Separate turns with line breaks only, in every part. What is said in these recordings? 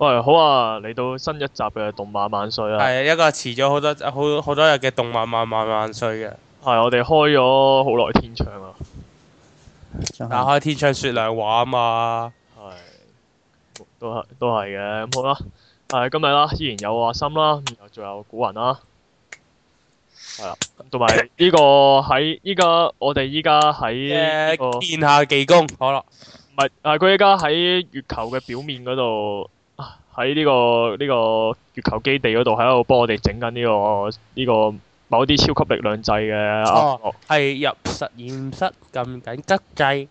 喂，好啊！嚟到新一集嘅《動漫萬歲》啊，係一個遲咗好多好好多日嘅《動漫萬萬萬歲》嘅，係我哋開咗好
耐天窗啊，打開天窗說亮話啊嘛，係都係都係嘅，好啦，係今日啦，依然有阿心啦，然後仲有古雲啦，係啦，同埋呢個喺依家我哋依家喺誒見下技工，好啦，唔係啊，佢依家喺月球嘅表面嗰度。喺呢、這個呢、這個月球基地嗰度、這個，喺度幫我哋整緊呢個呢個某啲超級力量劑嘅。哦，係、啊、入實驗室撳緊急掣。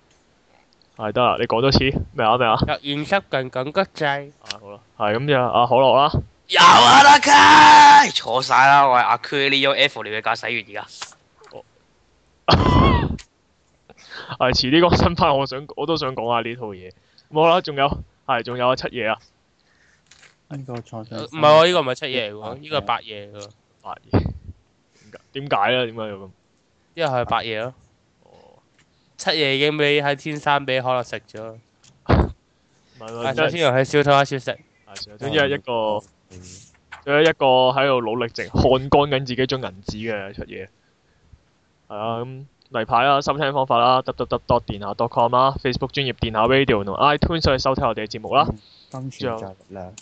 係得啦，你講多次咩啊咩啊？入實
驗室撳緊急掣。啊好啦，係咁就阿可樂啦。
有啊，阿嘉坐晒啦，我係阿 Q，Leo F 你嘅駕駛員而家。
係遲啲講新番，我想我都想講下呢套嘢。冇啦，仲有係仲有，有，有，有七嘢啊！
呢個錯咗，唔係喎，呢個唔係七爺嚟嘅喎，呢個係
八爺嚟嘅喎。八爺點解咧？點解又咁？因為佢係八爺咯。
哦。七爺已經俾喺天山俾可樂食咗。
唔係喎。周千陽
喺小偷一處食。係小湯。跟住一
個，跟住一個喺度努力整，看乾緊自己張銀紙嘅七爺。係啊，咁例牌啦，收聽方法啦，dot dot dot 電下 dot com 啦，Facebook 專業電下 Radio 同 iTunes 去收睇我哋嘅節目啦。跟住兩。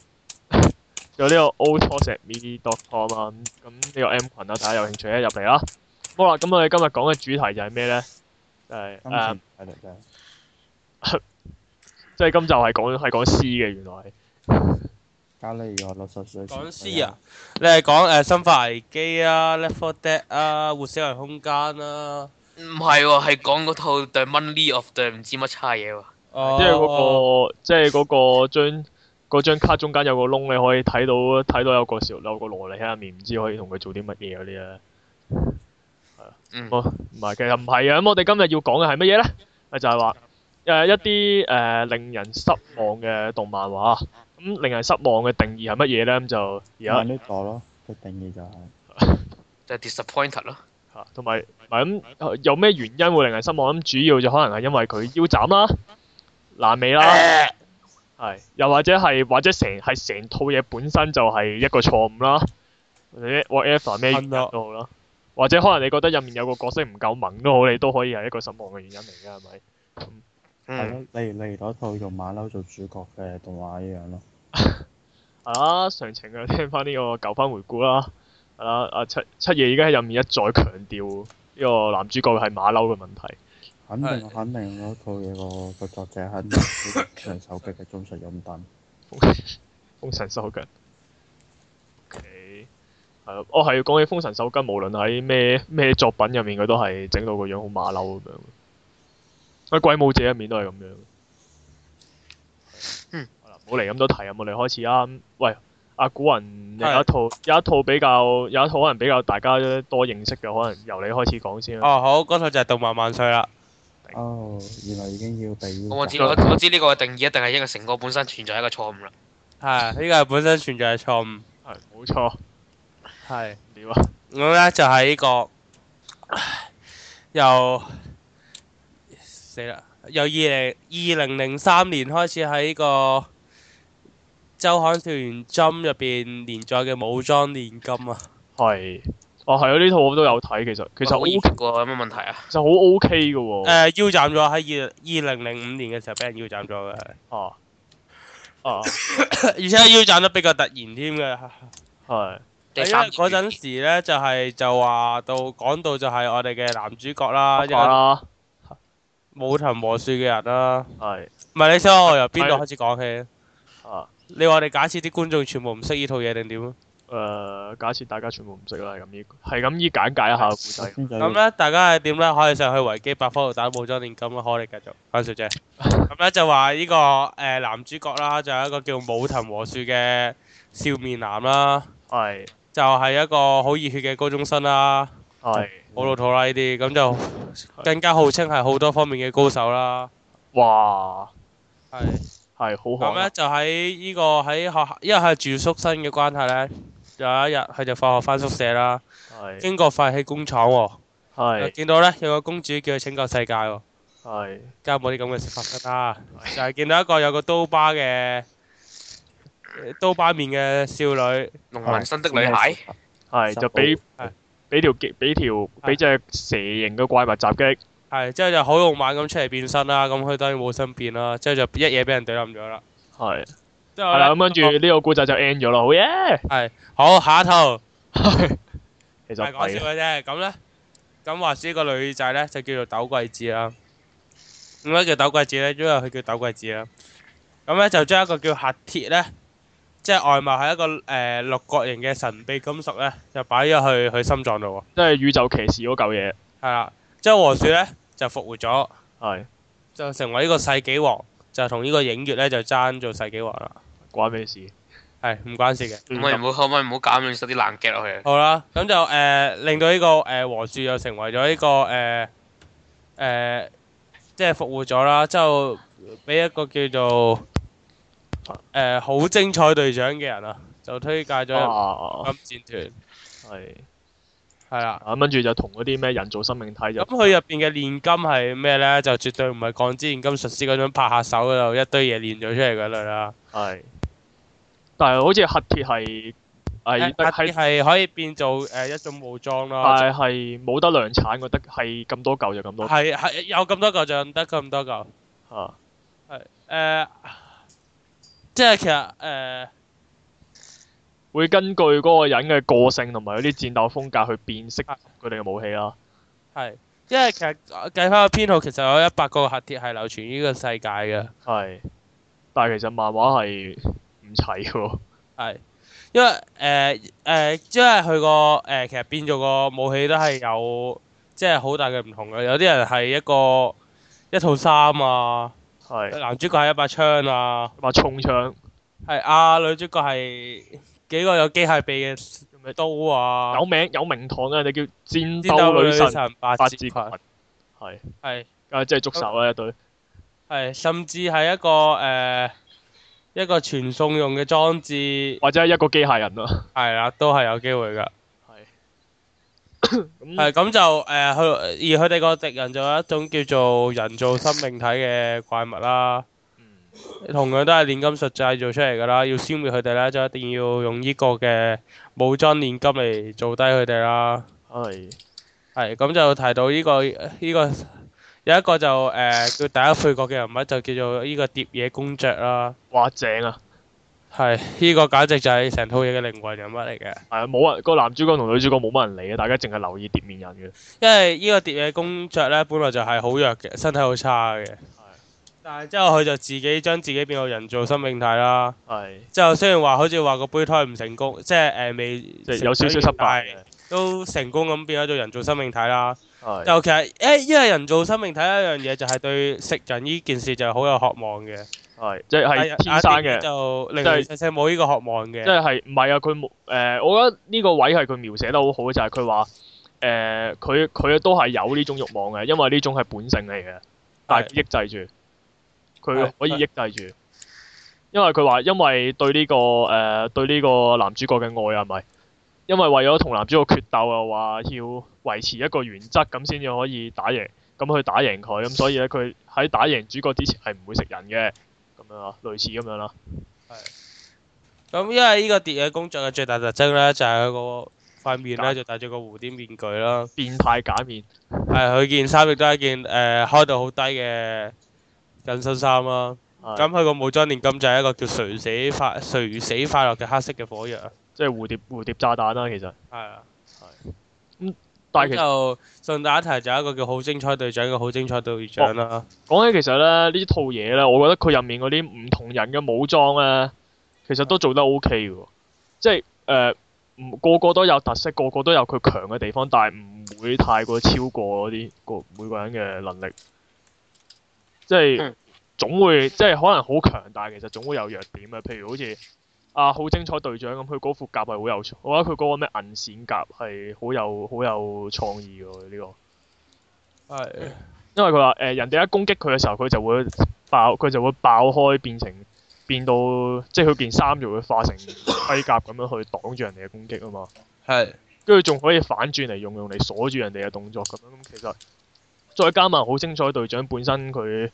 有呢個 otosetmedia.com 啊，咁呢個 M 群啊，大家有興趣咧，入嚟啦。好啦，咁我哋今日講嘅主題就係咩咧？
即係誒，
即係今集係講係講屍嘅，原來。加你二十歲。講屍啊？你
係講誒《生化危機》啊，《Left 4 Dead》啊，《活死人空間》啊？唔
係
喎，係講嗰套《The Money of Them》唔知乜叉嘢喎。
哦。即係嗰個，即係嗰個將嗰張卡中間有個窿，你可以睇到睇到有個小有個蘿莉喺下面，唔知可以同佢做啲乜嘢嗰啲咧。係啊。嗯。我唔係，其實唔係啊。咁我哋今日要講嘅係乜嘢咧？咪就係話誒一啲誒令人失望嘅動漫畫。咁令人失望嘅定義係乜嘢咧？咁就而家呢個咯，個定義就係
即係 disappointed 咯。嚇！
同埋咪咁有咩原因會令人失望？咁主要就可能係因為佢腰斬啦、爛尾啦。係，又或者係，或者成係成套嘢本身就係一個錯誤啦，或者 whatever 咩原因都好啦，或者可能你覺得入面有個角色唔夠萌都好，你都可以係一個失望嘅原因嚟嘅，係咪？係咯、嗯，
例如例如套用馬騮做主角嘅動畫一樣咯。
係啦，常情啊，聽翻呢個舊番回顧啦。係、啊、啦，阿七七爺已經喺入面一再強調呢個男主角係馬
騮嘅問題。肯定，肯定嗰套嘢喎。個、啊、作者係封 神手緊嘅忠實擁躉。封、okay. 啊哦、神手緊。
係咯。我係講起封神手緊，無論喺咩咩作品入面，佢都係整到個樣好馬騮咁樣的。喂、啊，鬼武者入面都係咁樣。啊嗯、好啦，冇嚟咁多題啊嘛，嚟開始啊。喂，阿、啊、古雲，有一套的有一套比較有一套可能比較大家多認識嘅，可能由你開始講先哦、啊，好，嗰、
那、套、個、就係《動漫萬歲》啦。哦，oh, 原來已經要俾我知，我，我
知呢個定義一定係一個成個本身存在一個錯誤啦。
係，呢個本身存在係錯誤。係，冇錯。
係。點啊！
我咧就喺呢、這個由，死啦，由二零二零零三年開始喺呢、這個《周刊少年 Jump》入邊連載嘅《武裝鍊金》啊。係。哦，係啊！呢套我都有睇，其實其實好有乜
問題啊？
就好 O K 噶，誒、
呃、腰斬咗喺二二零零五年嘅時候俾人腰斬咗嘅，哦哦，啊啊、 而且腰斬得比較突然添嘅，係、哎，因為嗰陣時咧就係、是、就話到講到就係我哋嘅男主角啦，冇藤和樹嘅人啦，係的，唔係你想我由邊度開始講起啊？你話我哋假設啲觀眾全部唔識呢套嘢定點啊？誒，
假設大家全部唔識啦，係咁意，
係咁意簡介一下古仔。咁咧，大家係點咧？可以上去維基百科度打武裝鍊金啦。可你繼續，阿小姐。咁咧就話呢個誒男主角啦，仲有一個叫武藤和樹嘅笑面男啦。係。就係一個好熱血嘅高中生啦。係。好老土啦呢啲，咁就更加號稱係好多方面嘅高手啦。
哇！係係好。咁咧
就喺呢個喺學校，因為係住宿生嘅關係咧。有一日，佢就放學翻宿舍啦。係。經過廢棄工廠喎。係。見到呢有個公主叫佢拯救世界
喎。係。
加冇啲咁嘅事發生啦。就係見到一個有個刀疤嘅刀疤面嘅少女。龍紋身的女孩。
係就俾俾條極俾條俾隻蛇形嘅怪物襲擊。
係，之後就好勇猛咁出嚟變身啦，咁佢當然冇心變啦，之後就一嘢俾人懟冧咗啦。係。係啦，咁跟
住呢個故仔就 end 咗咯，好耶！係，好，下一套。其實講笑嘅
啫，咁咧，咁話說呢個女仔咧就叫做斗季子啦。點解叫斗季子咧？因為佢叫斗季子啦。咁咧就將一個叫核鐵咧，即係外貌係一個誒六角形嘅神秘金屬咧，就擺咗去佢心臟度。即係宇宙騎士嗰嚿嘢。係啦，即係華氏咧就復活咗，係就成為呢個世紀王，就同呢個影月咧就爭做世紀王啦。關咩事？係唔 關事嘅。可唔
可唔可唔可唔好減，你收啲爛腳落去。好
啦，咁就誒、呃、令到呢、這個誒、呃、和樹又成為咗呢、這個誒誒即係復活咗啦，之後俾一個叫做誒好、呃、精彩隊長嘅人啊，就推介咗金
戰團。係
係啦。咁、啊啊、跟住就同嗰啲咩人造生命體，就咁佢入邊嘅煉金係咩咧？就絕對唔係《鋼之煉金術師》嗰種拍下手度一堆嘢煉咗出嚟
嗰類啦。係。 但係好似核鐵係係核鐵係可以變做誒、啊、一種武裝咯，但係冇得量產，覺得係咁多嚿就咁多，係係
有咁多嚿就得咁多嚿，嚇
係誒，即係其實誒、啊、會根據嗰個人嘅個性同埋嗰啲戰鬥風格去辨識佢哋嘅武器啦。係，因為其實計翻個編號，其實有一百個核
鐵係流傳於呢個世界
嘅。係、嗯嗯，但係
其實漫畫係。唔齊喎，係，因為誒誒，因為佢個誒，其實變咗個武器都係有，即係好大嘅唔同嘅。有啲人係一個一套衫啊，係男主角係一把槍啊，一
把衝槍，
係啊，女主角係幾個有機械臂嘅
刀啊，有名有名堂嘅人哋叫戰鬥女神，八字裙，係係啊，即係捉手啊，一
對，係甚至係一個誒。一個傳送用嘅裝置，或者係一個機械人咯。係啦， 都係有機會噶。係。咁 就誒，佢、呃、而佢哋個敵人就有一種叫做人造生命體嘅怪物啦。 同樣都係煉金術製造出嚟噶啦，要消滅佢哋啦，就一定要用呢個嘅武裝煉金嚟做低佢哋啦。係。係 咁就提到呢個呢個。呃，這個有一個就誒、呃、叫第一配角嘅人物就叫做呢個蝶野公爵啦。
哇，正啊！係呢、呢個簡直就係成套嘢嘅靈魂人物嚟嘅。係啊，冇人、嗰個男主角同女主角冇乜人理嘅，大家淨係留意碟面人嘅。因為個
碟野，呢個蝶野公爵咧本來就係好弱嘅，身體好差嘅。係的。但係之後佢就自己將自己變到人造生命體啦。係的。之後雖然話好似話個胚胎唔成功，即係誒、呃、未。有少少失敗，都成功咁變咗做人造生命體啦。尤其係誒，因為人做生命睇一樣嘢，就係對食人呢件事就係好有渴望嘅。係即係天生嘅，啊、就令實其實冇呢個渴望嘅。即係
唔係啊？佢誒、呃，我覺得呢個位係佢描寫得好好，就係佢話誒，佢、呃、佢都係有呢種慾望嘅，因為呢種係本性嚟嘅，但係抑制住佢可以抑制住。是因為佢話，因為對呢、這個誒、呃、對呢個男主角嘅愛啊，係咪？因為為咗同男主角決鬥啊，話要。維持一個原則咁先至可以打贏，咁去打贏佢，咁所以咧佢喺打贏主角之前係唔會食人嘅，咁樣啊，類似咁樣啦。係。
咁因為呢個電影工作嘅最大特徵呢，就係、是、個塊面呢，就戴住個蝴蝶面具啦。變態假面。係佢件衫亦都係一件誒、呃、開到好低嘅緊身衫啦。係。咁佢個武裝煉金就係一個叫垂死快垂死快樂嘅黑色嘅火藥啊，即係蝴蝶蝴蝶炸彈啦，啊，其實。係啊。就順帶一提，就一個叫好精彩隊
長嘅好精彩隊長啦。講起其實咧，套呢套嘢咧，我覺得佢入面嗰啲唔同人嘅武裝咧，其實都做得 O K 嘅喎。即係誒，唔、呃、個個都有特色，個個都有佢強嘅地方，但係唔會太過超過嗰啲個每個人嘅能力。即係總會，即係可能好強，但其實總會有弱點嘅。譬如好似。啊，好精彩隊長咁，佢嗰副甲係好有，我覺得佢嗰個咩銀線甲係好有好有創意喎呢個。係，哎。因為佢話誒，人哋一攻擊佢嘅時候，佢就會爆，佢就會爆開變成，變成，變到，即係佢件衫就會化成盔甲咁樣去擋住人哋嘅攻擊啊嘛。係，哎。跟住仲可以反轉嚟用用嚟鎖住人哋嘅動作咁樣、嗯，其實再加埋好精彩隊長本身佢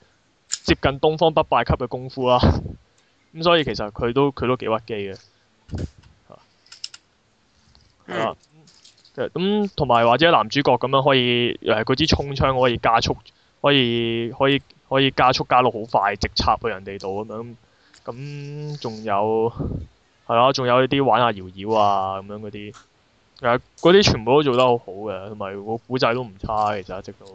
接近東方不敗級嘅功夫啦。咁、嗯、所以其實佢都佢都幾屈機嘅，咁同埋或者男主角咁樣可以誒，嗰、啊、支衝槍可以加速，可以可以可以加速加到好快，直插去人哋度咁樣。咁、啊、仲有係啦，仲、啊、有呢啲玩下搖搖啊咁樣嗰啲，誒嗰啲全部都做得好好嘅，同埋個古仔都唔差，其實直到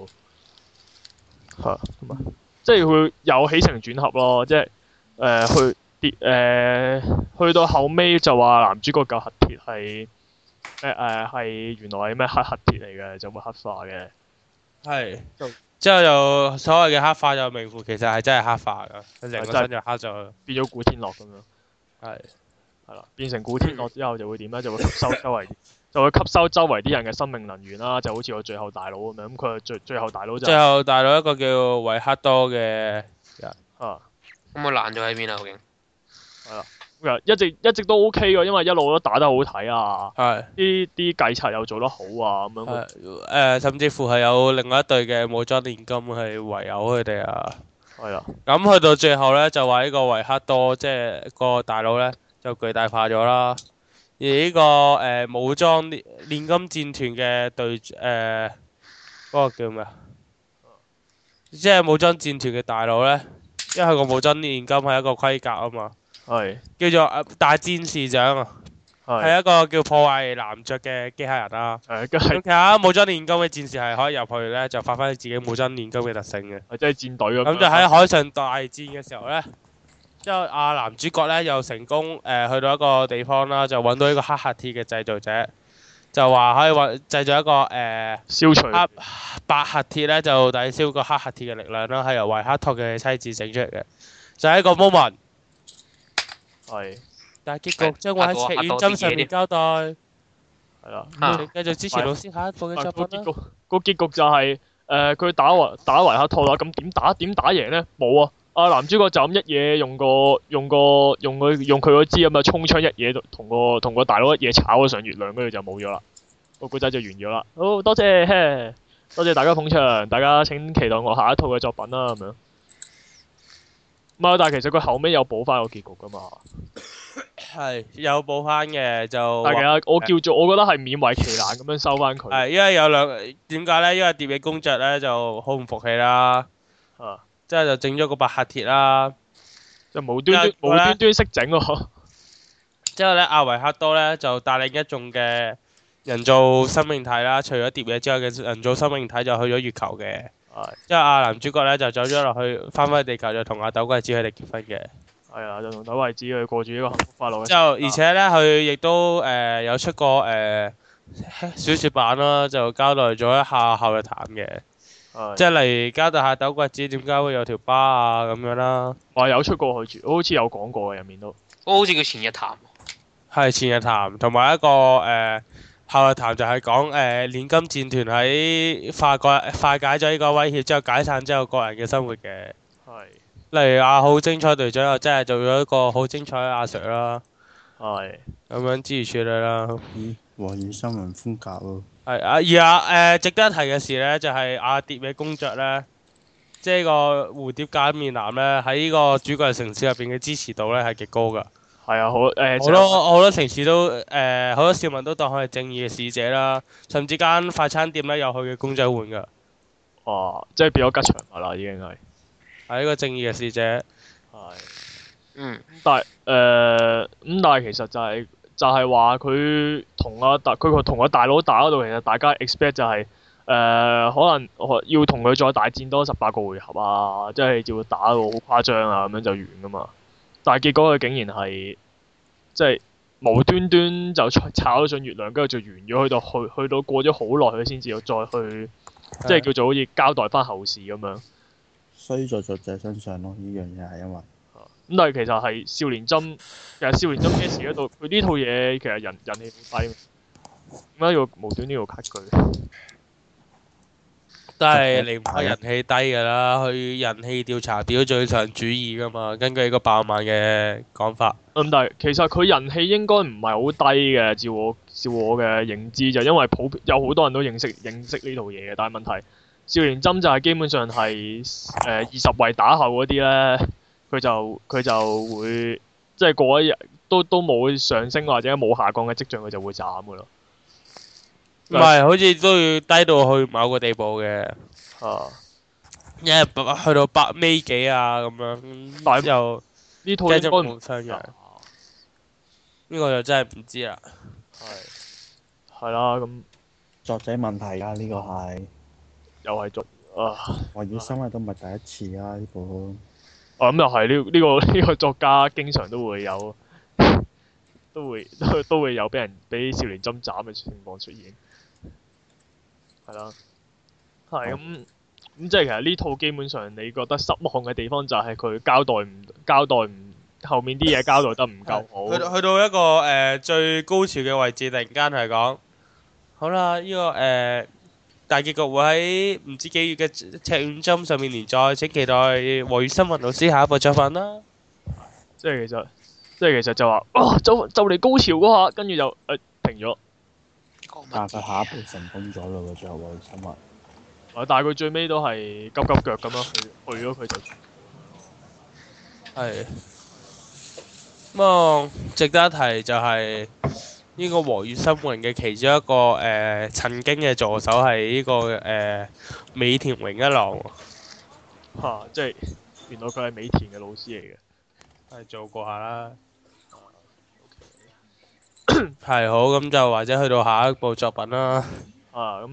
嚇同埋，即係佢有起承轉合咯，即係誒、呃、去。跌、呃、去到後尾就話男主角嚿核鐵係咩，誒原來係咩黑核鐵嚟嘅，就會黑化嘅。係。
之後又所謂嘅黑化又名副其實係真係黑化嘅，成對個身黑就黑咗，變
咗古天樂咁樣。係是。係啦，變成古天樂之後就會點咧？就會吸收周圍， 就會吸收周圍啲人嘅生命能源啦，就好似我最後大佬咁樣。咁佢最最後大佬就係、最
後大佬一個叫維克多嘅。Yeah. 啊。咁啊爛咗喺邊啊？究竟？
係一直一直都 O K 嘅，因為一路都打得好睇啊，呢啲的計策又做得好啊，咁樣誒、呃，甚至乎係有另外一隊嘅武裝
煉金去圍毆佢哋啊。係啦
的，
咁去到最後呢，就話呢個維克多即係個大佬呢，就巨大化咗啦，而呢、這個誒、呃、武裝煉金戰團嘅隊誒、嗰、呃，那個叫咩？即係武裝戰團嘅大佬呢，因為個武裝煉金係一個盔甲啊嘛。係是叫做大戰士長，係係是一個叫破壞男爵嘅機械人啦、啊。咁睇下武裝煉金嘅戰士係可以入去呢就發揮自己武裝煉金嘅特性嘅，即係、就是、戰隊咁。咁、嗯、就喺海上大戰嘅時候呢，之後阿男主角呢又成功誒、呃、去到一個地方啦，就搵到一個黑核鐵嘅製造者，就話可以搵製造一個誒消除白核鐵呢就抵消個黑核鐵嘅力量啦，係由維克托嘅妻子整出嚟嘅，就係一個 moment。係，但係結局將會喺赤與
真上面交代。係啦的，繼、嗯、續支持老師下一個嘅作品啦。個結，結局就係、是，誒、呃，佢打還打還下套啦，咁點打點打贏呢？冇啊！阿、啊、男主角就咁一嘢用個用個用佢用佢嗰支咁嘅衝鋒槍一嘢同個同個大佬一嘢炒上月亮，跟住就冇咗啦。個故仔就完咗啦。好多謝，多謝大家捧場，大家請期待我下一套嘅作品啦，咁樣。唔係，但係其實佢後尾有補翻個結局噶嘛。
係 有補翻嘅，就係啊，我叫做 我覺得係
勉為其難咁樣收翻佢。
係 因為有兩點解咧？因為碟嘢工作咧就好唔服氣啦。啊！之後就整咗個白客鐵啦。就係無端端無端
端識整喎。
之後咧，阿維克多咧就帶領一眾嘅人造生命體啦，除咗碟嘢之外嘅人造生命體就去咗月球嘅。係，之阿、啊、男主角咧就走咗落去，翻返地球就、哎，就同阿豆鬼子佢哋結婚嘅。
係啊，就同豆鬼子佢過住呢個幸福快樂。之
後而且咧，佢亦都誒、呃、有出過誒、呃、小說版啦，就交代咗一下後日談嘅。
哎、呀即係
例如交代下豆鬼子點解會有條疤啊咁樣啦、啊。我有出過佢，我好似有講
過啊入面都。我好似叫前日談。
係前日談，同埋一個誒。呃後日談就係講誒煉金戰團喺化解化解咗呢個威脅之後解散之後個人嘅生活嘅，係是例如阿好、啊、精彩隊長又真係做咗一個好精彩嘅阿 sir 啦是，係咁樣支持你啦。嗯，和軟
新聞風格咯。
係阿、啊、而阿、啊、誒、呃、值得一提嘅事呢，就係、是、阿蝶嘅工作呢，即、就、係、是、個蝴蝶假面男呢，喺呢個主角城市入邊嘅支持度呢，係極高噶。係啊，好誒，呃、好多、就是、好多城市都誒、呃，好多市民都當佢係正義嘅使者啦，甚至間快餐店咧有佢嘅公仔換噶。哦、啊，即係
變咗吉祥物啦，已經係係、啊、一個正義嘅使者。係。是、嗯呃。嗯。但係誒，咁但係其實就係、是、就係話佢同阿大，佢同阿大佬打嗰度，其實大家 expect 就係、是、誒、呃，可能要同佢再大戰多十八個回合啊，即、就、係、是、要打到好誇張啊，咁樣就完噶嘛。但係結果佢竟然係，即係無端端就炒咗上月亮，跟住就完咗，去到去去到過咗好耐，佢先至有再去，的即係叫做好似交代翻後事咁
樣。衰在作者身上咯，呢樣嘢係因為。
咁、嗯、但係其實係少年針，其實少年針 S 嗰 套，佢呢套嘢其實人人氣好低，點解要無端端要 cut 佢？ 都係離唔開人
氣低㗎啦，去人氣調查表至上主義㗎嘛。根據個爆漫嘅
講法，咁、嗯、但係其實佢人氣應該唔係好低嘅，照我照我嘅認知就，因為普遍有好多人都認識認識呢套嘢嘅。但係問題，少年針就係基本上係誒二十位打後嗰啲咧，佢就佢就會即係、就是、過一日都都冇上升或者冇下降嘅跡象，佢就會斬㗎啦。唔係，
好似都要低到去某個地步嘅，啊啊啊啊啊嗯，啊，一去到百米幾啊咁樣，咁就呢套應該唔出嘅，呢個就真係唔知啦。係，
係啦咁，作者問題啦，呢個係，又係作啊，黃宇森都唔係第一次啊。呢、啊啊、部。啊、就
係，咁又係呢？呢、呢個呢、呢個呢個作家經常都會有，都會都都會有俾人俾少年針斬嘅情況出現。係啦，係咁咁即係，其實呢套基本上你覺得失望嘅地方就係佢交代唔交代唔後面啲嘢，交代得唔夠好。 去
到一個誒、呃、最高潮嘅位置，突然間係講好啦，呢、這個誒、呃、大結局會喺唔知幾月嘅赤羽針上面連載，請期待黃宇新文老師下一部作品啦。即
係其實，即係其實就話哦、啊，就就嚟高潮嗰下，跟住就誒、欸、停咗。
但係下一步成功咗咯喎，最後《愛與親
密》。啊！但係佢最尾都係急急腳咁樣去去咗，佢就係咁
啊！值得一提就係、是、呢、這個和月心雲嘅其中一個誒、呃、曾經嘅助手係呢、這個誒、呃、美田榮一郎。
喎、啊。即係原來佢係美田嘅老師嚟嘅，都係做過下啦。
係好，咁就或者去到下一
部作品啦。啊，咁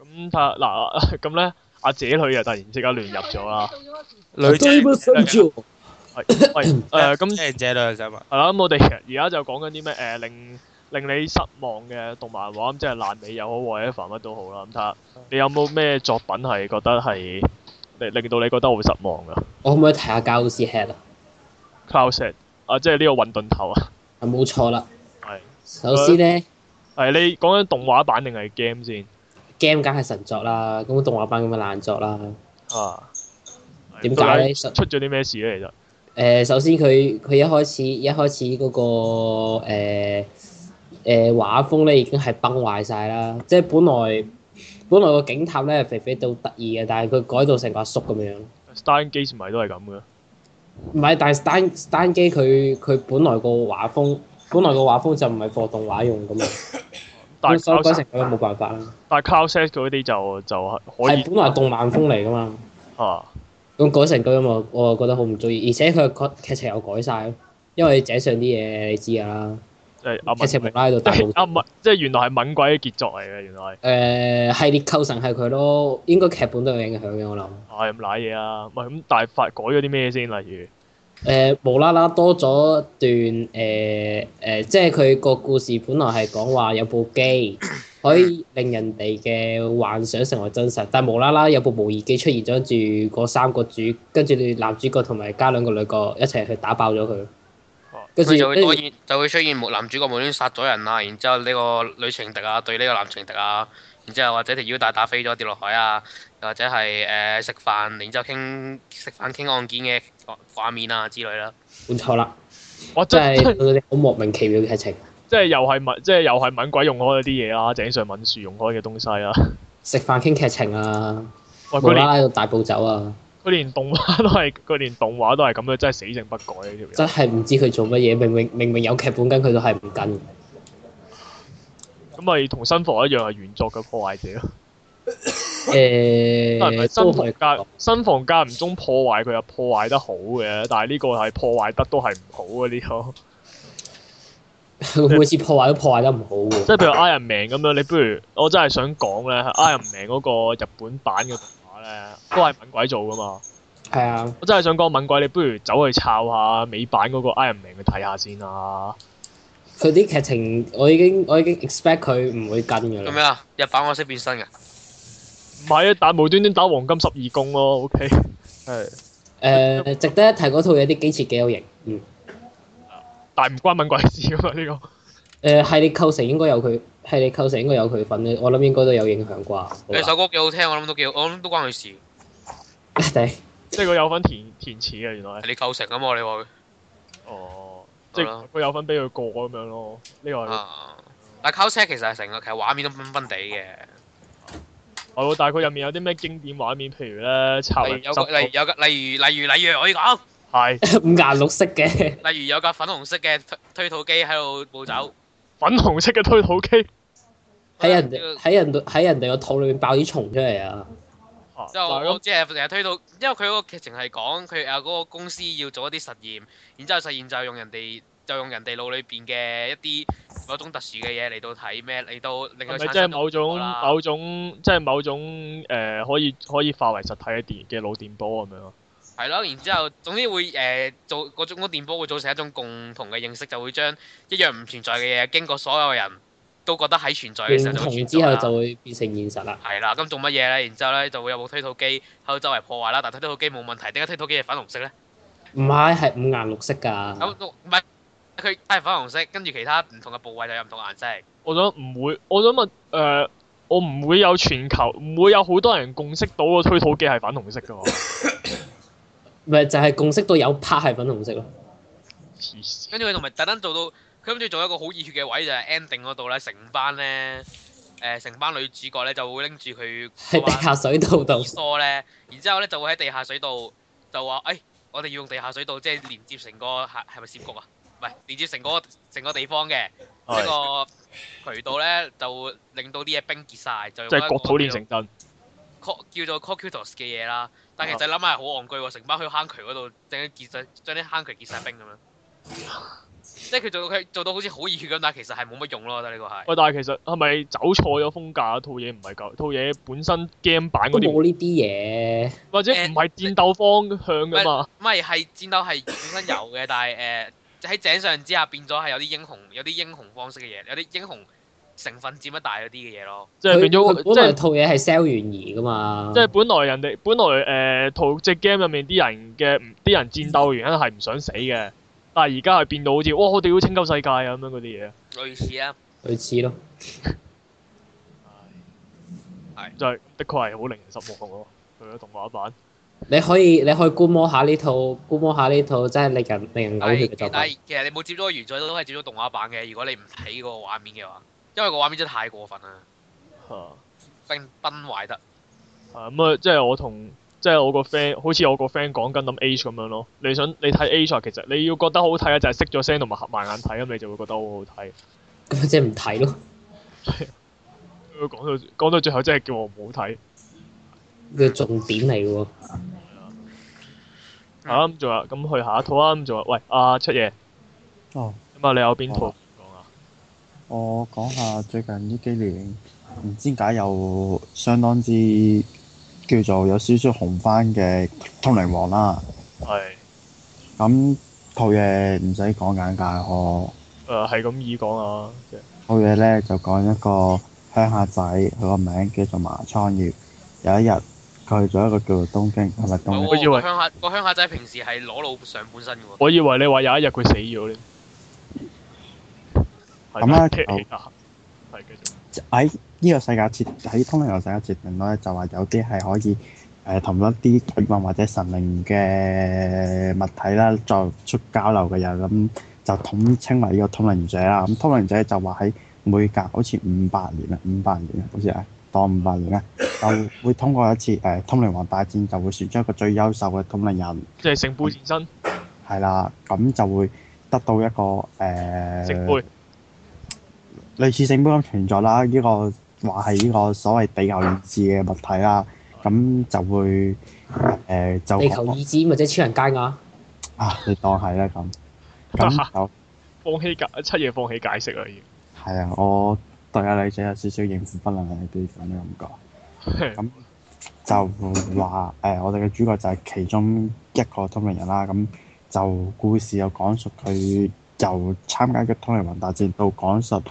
咁睇下嗱，咁咧阿姐女又突然之間亂入咗啦。
女
仔。係，誒，
咁借女就啫嘛。係啦，咁我哋而家就講緊啲咩？誒，令令你失望嘅動漫畫，咁即係爛尾又好，或者凡乜都好啦。咁睇下你有冇咩作品係覺得係令令到你覺得好失望噶？我可唔可以睇下 Chaos Head 啊？Chaos Head，啊，即係呢個混沌頭啊？冇錯啦。係。首先咧，係你講緊動畫版定係 game 先？Game 梗係神作啦，咁動畫版咁咪爛作啦。啊？
點解咧？
出出咗啲咩事咧？其實？
誒，首先佢佢一開始一開始嗰個誒誒畫風咧已經係崩壞晒啦，即係本來本來個警探咧肥肥到得意嘅，但係佢改到成個阿叔咁樣。
Starlight 迷都係咁嘅。
唔係，但係單單機佢佢本來個畫風，本來個畫風就唔係播動畫用噶嘛，
但係是改成咁冇
辦法啦。
但係角色嗰啲就就係可以。係本來動漫
風嚟噶嘛。嚇！咁改成咁啊，我就覺得好唔中意，而且佢劇劇情又改晒，因為紙上啲嘢你知噶啦。即係阿文一木拉到打
到，即係原來係猛鬼嘅傑作嚟嘅，原來係
誒、呃、系列構成係佢咯，應該劇本都有影響嘅我諗。
係咁瀨嘢啊，唔係咁大快改咗啲咩先？例如誒、
呃、無啦啦多咗段誒誒、呃呃，即係佢個故事本來係講話有部機可以令人哋嘅幻想成為真實，但係無啦啦有部模擬機出現咗住嗰三個主，跟住你男主角同埋加兩個女角一齊去打爆咗佢。佢就會出
就會出現男主角無端端殺咗人啊！然之後呢個女情敵啊，對呢個男情敵啊，然之後或者條腰帶打飛咗，跌落海啊，又或者係誒食飯，然之後傾食飯傾案件嘅畫面啊之類啦。
冇錯啦，即係好莫名其妙嘅劇情。
即係又係敏，即係又係敏鬼
用開啲嘢啦，井上敏樹用開嘅東西啦。
食飯傾劇情啊，
無啦啦要
大步走啊！
佢連動畫都係，佢連動畫都係咁樣，真係死性不改啊！呢條友
真係唔知佢做乜嘢，明明明明有劇本跟，佢都係唔跟。
咁咪同新房一樣係原作嘅破壞者咯。誒
欸。新房
間，新房間唔 中破壞佢又破壞得好嘅，但係呢個係破壞得都係唔好嘅呢個。
每次破壞都破壞得唔好喎。即係譬如
Iron Man 咁樣，你不如我真係想講咧，Iron Man 嗰個日本版嘅動畫咧。都係敏鬼做噶嘛，係是啊！我真係想講敏鬼，你不如走去抄下美版嗰個 Iron Man 去睇下先啊！
佢啲劇情我，我已經我已經 expect 佢唔會跟㗎啦。咁咩
啊？日版我識變身㗎，唔
係啊！但無端端打黃金十二宮咯，OK？係誒 是、呃，值得一提嗰套嘢啲機設幾有型，
嗯，但係唔關敏鬼事㗎嘛呢、這個
呃。誒係你構成應該有佢，係你構成應該有佢份嘅，我諗應該都有影響啩。
呢首歌幾好聽，我諗都幾，我諗都關佢事。即係佢有份填填詞嘅，原來係你構成啊嘛你話佢哦，即係
佢有份俾佢過咁樣咯呢個，
但係《Cars》其實係成個其實畫面都崩崩地
嘅，我咯、哦，但佢入面有啲咩經典畫面，譬如咧，有例如
有架例如例如例如我以講係
五顏六色嘅，
例如有架粉紅色嘅推土機喺度暴走，
粉紅色嘅推土機
喺人哋喺 人喺人哋個肚裏面爆啲蟲出嚟啊！
即係即係成日推到，是因為佢嗰個劇情係講佢誒嗰個公司要做一啲實驗，然之後實驗就用人哋就用人哋腦裏邊嘅一啲某種特殊嘅嘢嚟到睇咩，嚟到令佢產生啲咩啦。係咪即係某
種某種即係、就是、某種誒、呃、可以可以化為實體一啲嘅腦電波咁樣咯？
係咯，然之後總之會誒、呃、做嗰種電波會造成一種共同嘅認識，就會將一樣唔存在嘅嘢經過所有人。都覺得喺存在嘅時候就會存在啦。然之後就
會變成現實啦。係啦，
咁做乜嘢咧？然之後咧就會有部推土機喺度周圍破壞啦，但係推土機冇問題，點解推土機係粉紅色咧？
唔係，係五顏六色㗎。咁
唔係佢係粉紅色，跟住其他唔同嘅部位就有唔同嘅顏色。我想
唔會，我想問誒，我唔會有全球，唔會有好多人共識到個推土機係粉紅色㗎喎。
咪就係共識到有 part 係粉紅色咯。黐
線。跟住佢同埋特登做到。跟住仲有一個好熱血嘅位就係、是、ending 嗰度咧，成班咧誒，成、呃、班女主角咧就會拎住佢
喺地下水道度梳
咧，然之後咧就會喺地下水道就話：誒、哎，我哋要用地下水道即係、就是、連接成個係咪涉局啊？唔係連接成個成個地方嘅呢是個渠道咧，就會令到啲嘢冰結晒，就用個就國土鍊成陣個叫做叫做 Cocytus 嘅嘢啦。
但其實諗
下係好戇居喎，成班去坑渠嗰度整啲結曬，將啲坑渠結晒冰咁樣。 即係佢做到佢做到好似好熱血咁，但係其實係冇乜用咯。我覺得呢個係喂，但係其
實係咪走錯咗風格？套嘢唔係夠，套嘢本身 game 版嗰啲冇呢啲嘢，或者唔係戰鬥方向㗎嘛？
唔係係戰鬥係本身有嘅，但係誒喺井上之下變咗係有啲英雄有啲英雄方式嘅嘢，有啲英雄成分佔得大嗰啲嘅嘢咯。即係變
咗，即係套嘢係 sell 懸疑㗎嘛？即係
本來人哋本來誒套即 game 入面啲人嘅啲人，人戰鬥原因係唔想死嘅。但係而家係變到好似，哇！我哋要拯救世界啊咁樣嗰啲嘢。類似啊。類似咯。係。係。就係，是，的確係好令人失望咯。佢
嘅動畫版。
你可以你可以觀摩下呢套，觀摩下呢套真係令人令人嘔血嘅作品。係，
但其實你冇接觸過原作都係接觸動畫版嘅。如果你唔睇嗰個畫面嘅話，因為個畫面真係太過分啦。嚇哈！崩崩壞得。
咁啊，嗯、即係我同。即係我個 friend，好似我個 friend 講緊咁 a 咁樣咯。你想你睇 a 其實你要覺得好睇嘅就係熄咗聲同埋合埋眼睇咁，你就會覺得好好睇。咁即係唔睇咯。係。講到講到最後，最後真係叫我唔好
睇。你重點嚟喎了、嗯
啊。啊。啱咁做啊，咁去下一套啊咁做啊。喂，阿七爺。哦。咁啊，你有邊套？哦、下
我講下最近呢幾年，唔知點解又相當之。叫做有少少紅番嘅通靈王啦。係是。咁套嘢唔使講眼界，我
誒係咁易講啊。
套嘢咧、呃 okay. 就講一個鄉下仔，佢個名叫做麻倉葉。有一日，佢去咗一個叫做東京，係咪東京？我以為
鄉下個鄉下仔平時係攞老上半身嘅喎。我以
為你話
有一日佢死咗咧。咁啊，好、 哎。係繼
續。呢個世界設喺通靈王世界設定咯，就話有啲係可以誒同一啲鬼魂或者神靈嘅物體啦，作出交流嘅人咁，就統稱為呢個通靈者啦。咁通靈者就話喺每隔好似五百年啊，五百年啊，好似係當五百年咧，就會通過一次誒通靈王大戰，就會選出一個最優秀嘅通靈人，
即係聖杯戰爭。
係啦，咁就會得到一個誒聖
杯，
類似聖杯咁存在啦。呢個話係呢個所謂比、啊呃、地球意志嘅物體啦，咁就會誒就地球意
志或者超人階牙
啊，你當係啦咁，咁
放棄解七爺放棄解釋啦，已經
係 啊，我對阿女仔有少少應付不能嘅地方嘅感覺，咁的就話誒、呃，我哋嘅主角就係其中一個通靈人啦，咁就故事又講述佢就說說參加咗通靈環大戰到講述。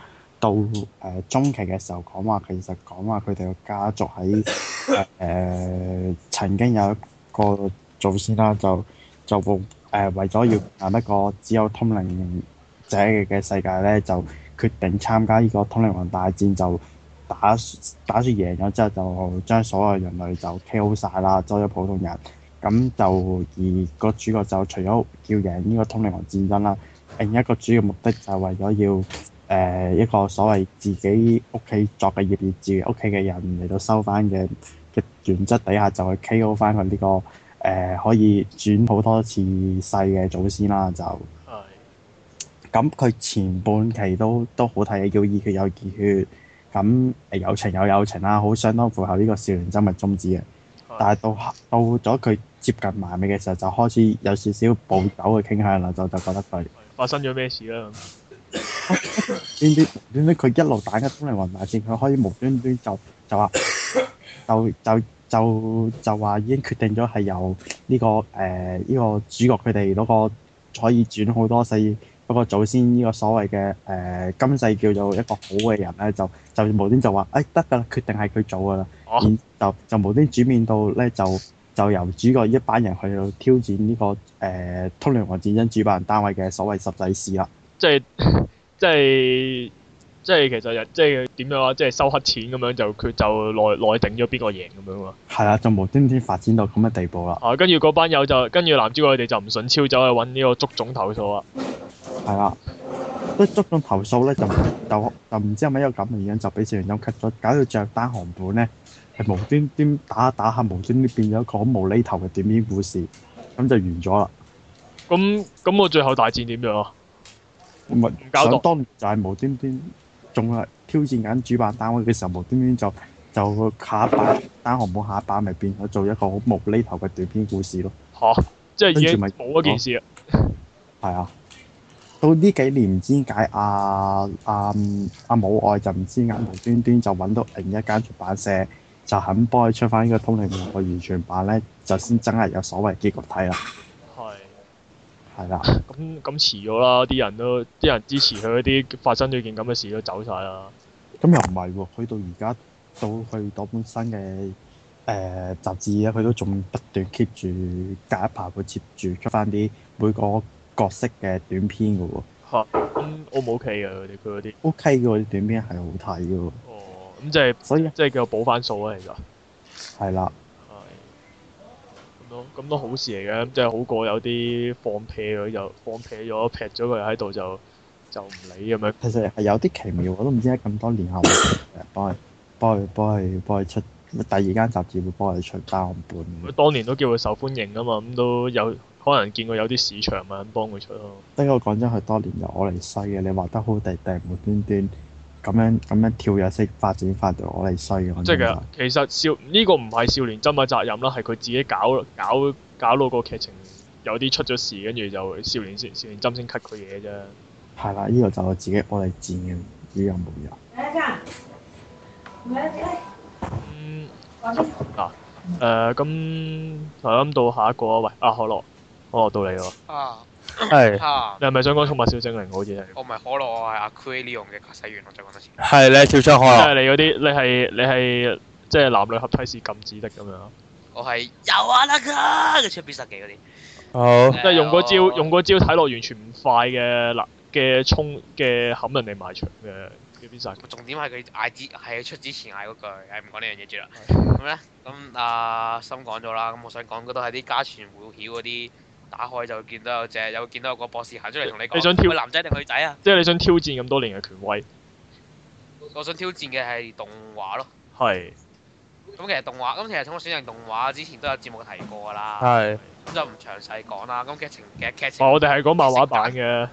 到誒、呃、中期嘅時候講話，其實講話佢哋個家族喺誒、呃、曾經有一個祖先啦，就就部誒、呃、為咗要喺一個只有通靈者嘅世界咧，就決定參加呢個通靈王大戰，就打打算贏咗之後，就將所有人類就 KO 晒啦，做咗普通人。咁就而個主角就除咗要贏呢個通靈王戰爭啦，另一個主要目的就係為咗要。誒、呃、一個所謂自己屋企作嘅孽，而自己屋企嘅人嚟到收翻嘅嘅原則底下就會、這個，就去 KO 翻佢呢個誒可以轉好多次世嘅祖先啦。就咁，佢的前半期都都好睇，叫熱血有熱血，咁友情有友情啦、啊，好相當符合呢個少年真物宗旨嘅。但係到到咗佢接近埋尾嘅時候，就開始有少少暴走嘅傾向啦，就就覺得佢
發生咗咩事啦？
點點點點，佢 一路打緊通靈王大戰爭，佢可以無端端就就話就就就就話已經決定咗係由呢、這個誒呢、呃這個主角佢哋嗰個可以轉好多世嗰、那個祖先呢個所謂嘅誒今世叫做一個好嘅人咧，就就無端就話誒得噶啦，決定係佢做噶啦，啊、而就就無端轉變到咧就就由主角一班人去挑戰呢、這個誒通靈王戰爭主辦單位嘅所謂實際事啦。
即係即係即係其實即係點樣啊？即係收黑錢咁樣就佢就內內定咗邊個贏咁樣啊？
係啊，就無端端發展到咁嘅地步啦。
啊，跟住嗰班友就跟住男主角佢哋就唔順超，走去搵呢個足總投訴啊。
係啊，一足總投訴咧就就就唔知係咪一個咁嘅原因，就俾謝霆鋒 cut 咗，搞到隻單行本咧係無端端打打下，無端端變咗一個好無厘頭嘅短篇故事，咁就完咗啦。
咁咁，我最後大戰點樣啊？
咪想當年就係無端端仲係挑戰緊主辦單位嘅時候，無端端就就下一把單行本，下一把咪變咗做一個好無厘頭嘅短篇故事咯。
嚇！即係已經冇嗰件事啦。
係啊，到呢幾年唔知點解阿阿阿母愛就唔知點解無端端就揾到另一間出版社就肯幫佢出翻呢個《通靈王》嘅完全版咧，就先真係有所謂結局睇啦。係啦，咁咁
遲咗啦，啲人都啲人支持佢嗰啲，發生咗件咁嘅事都走晒啦。
咁又唔係喎，去到而家到去到，到本新嘅誒雜誌咧，佢都仲不斷 keep 住隔一排會接住出翻啲每個角色嘅短片嘅喎。
啊。咁 O 唔 O K 嘅？佢啲佢嗰啲
？O K 嘅啲短片係好睇嘅喎。哦，
咁即係所以即係叫我補翻數啊，其實。
係啦。
咁、哦、都好事嚟嘅，即係好過有啲放屁咗，又放屁咗，劈咗佢喺度就就唔理
咁樣。其實係有啲奇妙，我都唔知喺咁多年後 幫佢佢幫佢幫佢出第二間雜誌會幫佢出包本。
佢當年都叫佢受歡迎啊嘛，咁都有可能見過有啲市場嘛，幫佢出咯、啊。
不過講真，佢多年由我嚟西嘅，你畫得好地地，無端端。咁樣咁樣跳躍式發展發到我哋衰嘅，即係其
實其實少呢、這個唔係少年針嘅責任啦，係佢自己搞搞搞到個劇情有啲出咗事，跟住就少年少年針先 cut 佢嘢嘅啫。
係啦，呢個就我自己我哋賤嘅呢樣冇嘢。第一唔係啊，嗯，
嗱，
誒，咁
我諗到下一個啊，喂，阿可樂，可樂到你喎。啊。係，你係咪想講寵物小精靈？好似
我唔係可樂，我係阿 Kray 用嘅駕駛員，我
再講多次。係你跳出可即係你嗰啲，你係你係即係男女合體是禁止的咁樣。
我係又啊得㗎，出必殺技嗰啲。
哦，即係用個招，用個招睇落完全唔快嘅，嘅衝嘅冚人哋賣場嘅必殺。重
點係佢嗌之係佢出之前嗌嗰句，係唔講呢樣嘢住啦。咁咧，咁阿森講咗啦，咁我想講嘅都係啲家傳戶曉啲。打開就見到有隻，有見到有個博士行出嚟，同你講，你想挑男仔定女仔啊？即係
你想挑戰咁多年嘅權威？
我想挑戰嘅係動畫咯。係。咁其實動畫，咁其實我選擇動畫之前都有節目提過噶啦。係。咁就唔詳細講啦。咁劇情嘅劇情我
哋係講漫畫版
嘅，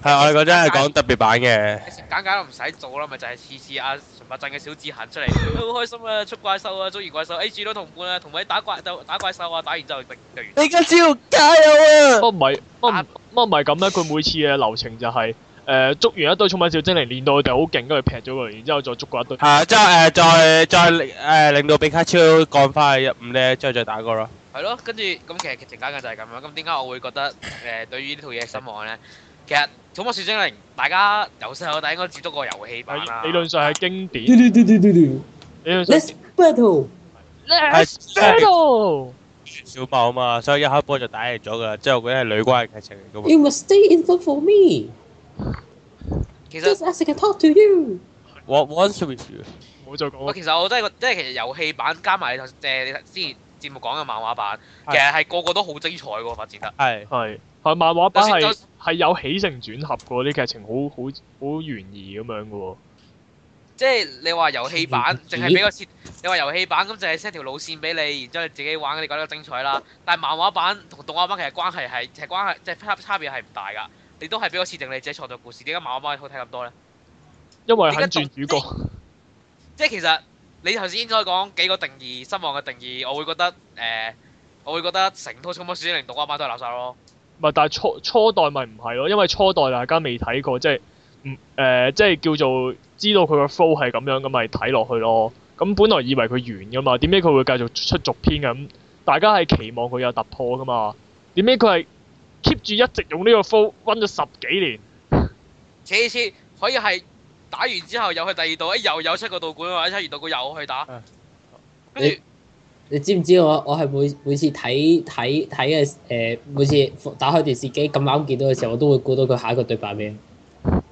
係我哋嗰陣係講特別版嘅。
簡簡都唔使做啦，咪就係次次啊！白鎮嘅小智行出嚟，都好開心啊！捉怪獸啊，捉完怪獸，A G 都同伴啊，同位打怪獸，打怪獸啊，打完之後定定。
你家超加油啊！乜唔係乜唔乜唔係咁咧？佢每次嘅流程就係誒捉完一堆寵物小精靈，練到佢哋好勁，跟住劈咗佢，然之後再捉過一堆。
係啊，即係誒，再再誒，令到比卡超降翻去一五咧，之後再打
個咯。
係咯，跟住咁其實劇情梗係就係咁樣。咁點解我會覺得誒對於呢套嘢失望咧？其實《寵物小精靈》大家由細到大應該只都個遊戲版啦，理論上係經典。Let's
battle！Let's
battle！
小爆啊嘛，所以一開波就打嚟咗噶啦。之後嗰啲係女怪嘅劇情。You
must stay in for me. Because I can talk to you.
What was
it? 冇再
講啦。其實我都係個，即係其實遊戲版加埋，即係之前節目講嘅漫畫版，其實係個個都好精彩噶。發展得係
係，係漫畫版係。係有起承轉合嘅，啲劇情好好好懸疑咁樣嘅
喎。哦、即係你話遊戲版淨係俾個設， 你話遊戲版咁就係 send 條路線俾你，然之後你自己玩，你覺得精彩啦。但係漫畫版同動畫版其實關係係其實關係即係差差別係唔大㗎。你都係俾個設定你自己創作故事，點解漫畫版好睇咁多咧？
因為跟轉主角。
即係其實你頭先所講幾個定義失望嘅定義，我會覺得誒、呃，我會覺得成套《寵物小精靈》動畫版都係垃圾咯。
但係初初代咪唔係咯，因為初代大家未睇過，即係唔誒，即係叫做知道佢個 flow 係咁樣咁咪睇落去咯。咁本來以為佢完噶嘛，點解佢會繼續出續篇咁？大家係期望佢有突破噶嘛？點解佢係 keep 住一直用呢個 flow 温咗十幾年？
次次可以係打完之後又去第二度，一又有七個道館或者七個道館又去打。跟
住唉。后.你知唔知我我係每每次睇睇睇嘅，誒每次打開電視機咁啱見到嘅時候，我都會估到佢下一個對白名。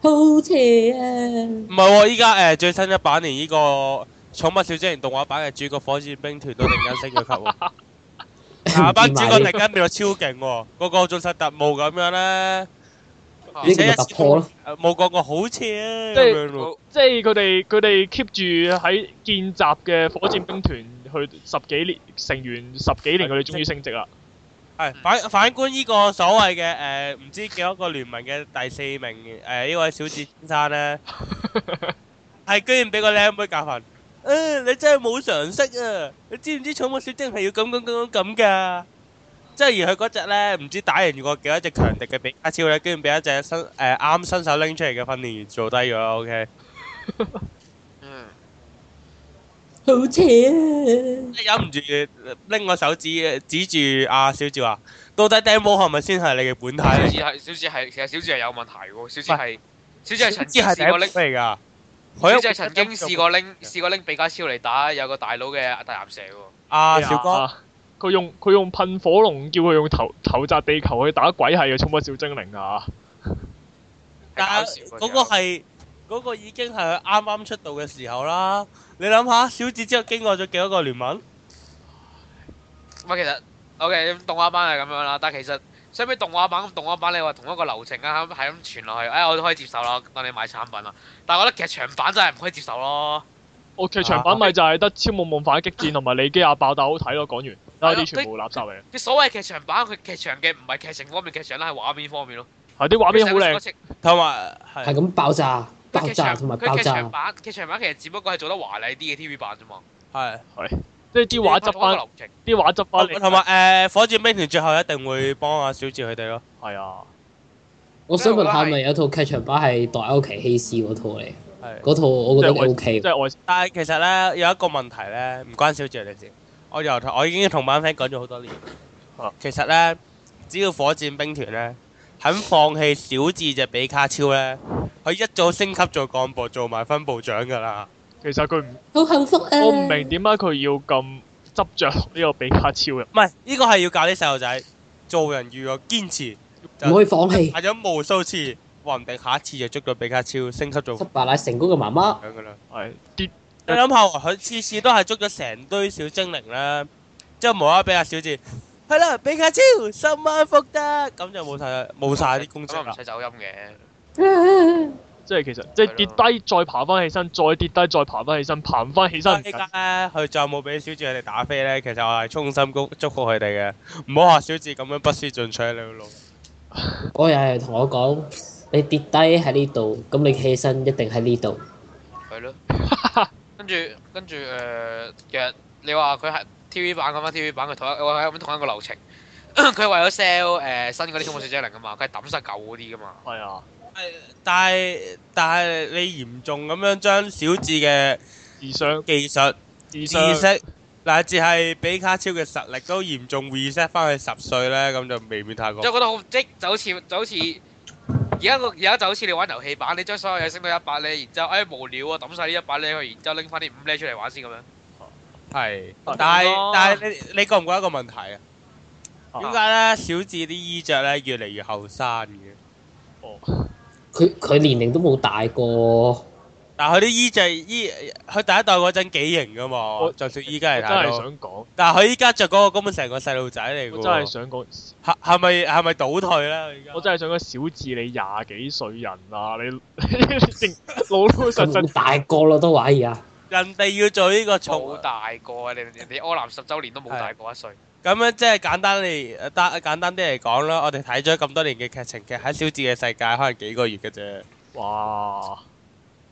好似邪、啊哦，啊！唔係喎，依家誒最新一
版連呢、這個《寵物小精靈》動畫版嘅主角火箭兵團都突然間升咗級喎。下
班、 啊、主角突然間
變到超勁喎，個個做晒特務咁樣咧。 而且一次、呃、過冇講過好似
啊，即係佢哋佢哋 keep 住喺建集嘅火箭兵團。去十幾年，成員十幾年佢哋終於升職。啦，
係反反觀呢個所謂嘅誒，唔知幾多個聯盟嘅第四名誒呢位小智先生咧，係居然俾個靚妹教訓。嗯，你真係冇常識啊！你知唔知寵物小精係要咁咁咁咁噶？即係而佢嗰隻咧，唔知打贏過幾多隻強敵嘅比卡超咧，居然俾一隻新誒啱新手拎出嚟嘅訓練員做低咗。O K。好似啊！忍唔住拎個手指指住阿小智啊，到底 Demo 係咪先係你嘅本體？小
智係，小智係，其實小智係有問題嘅。小智係，小智係曾經試過拎，佢
就係曾經試過
拎，試過拎比卡超嚟，打有個大佬嘅大岩蛇。
阿小哥，佢用佢用噴火龍叫佢用頭頭砸地球去打鬼係要寵物小精靈啊！但
嗰個係。嗰個已經係佢啱啱出道嘅時候啦。你諗下，小智之後經過咗幾多個聯盟？
咁啊，其實 O K，動畫版係咁樣啦。但係其實相比動畫版，動畫版你話同一個流程啊，係咁傳落去，哎，我都可以接受啦，當你買產品啦。但係我覺得劇場版真係唔可以接受咯。
哦，劇場版咪就係得《超夢夢反擊戰》同埋《利基亞爆鬥》好睇咯。講完，都係啲全部垃圾嚟。
啲所謂劇場版佢劇場嘅唔係劇情方面劇場啦，都係畫面方面咯。
係啲畫面好靚，同埋係咁爆炸。爆炸同埋爆炸。
劇場版，劇場版其實只不過係做得華麗啲嘅 TV 版啫嘛。係 係樂，即係啲畫執翻。啲畫
執翻。同埋誒？火箭兵團最後一定會幫阿小智佢哋咯。
係啊。我，
我想問下，咪有套劇場版係《代歐奇希斯》嗰套嚟？係。
嗰套我覺得 O、OK、K。即係外。但係其實咧，有一個問題咧，唔關小智嘅事。我由頭我已經同班 friend 講咗好多年。其實咧，只要火箭兵團咧，肯放棄小智就比卡超咧，佢一早升級做幹部做埋分部長噶啦。其實佢唔
好幸福啊！我唔明
點解佢要咁執着呢個比卡超嘅。唔係呢個係要教啲細路仔做人要有堅持，
唔
可以放棄。
挨咗無數次，話唔定下一次就捉咗比卡超，升級做失敗乃成功嘅媽媽噶啦。係，你諗下，佢次次都係捉咗成堆小精靈啦，即係冇得比下小智。係啦，比卡超十萬伏特，咁
就冇晒冇晒啲工作啦。唔使走音嘅，即係其實即係跌低再爬翻起身，再跌低再
爬翻起身，爬翻起身。呢家咧，佢再冇俾小智佢哋打飛咧，其實我係衷心恭祝福佢哋嘅，唔好話小智咁樣不思進取喺度碌。
我又係同我講，你跌低喺呢度，咁你起身一定喺呢度。係
咯，跟住跟住，誒，其實你話佢係。TV 版咁樣 TV 版佢同一我喺同一個流程，佢為咗 sell 誒新嗰啲《寵物小精靈》噶嘛，佢係抌曬舊嗰啲噶嘛。係啊，係，
但係但係你嚴重咁樣將小智嘅智商技術知識乃至係比卡超嘅實力都嚴重 reset 翻去十歲咧，咁就未免太過。即係覺
得好即，就好似就好似而家個而家就好似你玩遊戲版，你將所有嘢升到一百咧，然之後哎無聊啊，抌曬呢一百咧去，然之後拎翻啲五咧出嚟玩先咁樣。
係，但係、啊、但係、啊、你你覺唔覺一個問題啊？點解咧？小智啲衣着咧越嚟越後生嘅。哦，
佢佢年齡都冇大過，
但係佢啲衣着，衣佢第一代嗰陣幾型噶嘛。就算依家係真係想講，但係佢依家着嗰個根本成
個細路仔嚟嘅。我真係想講，係咪係咪倒退咧、啊？ 我真係想講，小智你廿幾
歲人啦，你老老實實大個啦都懷疑。人哋要做呢個，冇大過啊。你哋柯南十周年都冇大過 一歲歲。
咁樣即係簡單嚟，單、呃、簡單啲嚟講啦。我哋睇咗咁多年嘅劇情，其實喺小智嘅世界，可能幾個月嘅啫。哇！